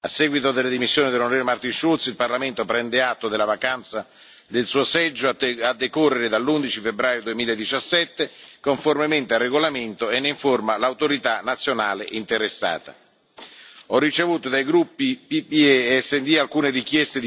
a seguito delle dimissioni dell'on. martin schulz il parlamento prende atto della vacanza del suo seggio a decorrere dall' undici febbraio duemiladiciassette conformemente al regolamento e ne informa l'autorità nazionale interessata. ho ricevuto dai gruppi ppe e s d alcune richieste di dichiarazione di voto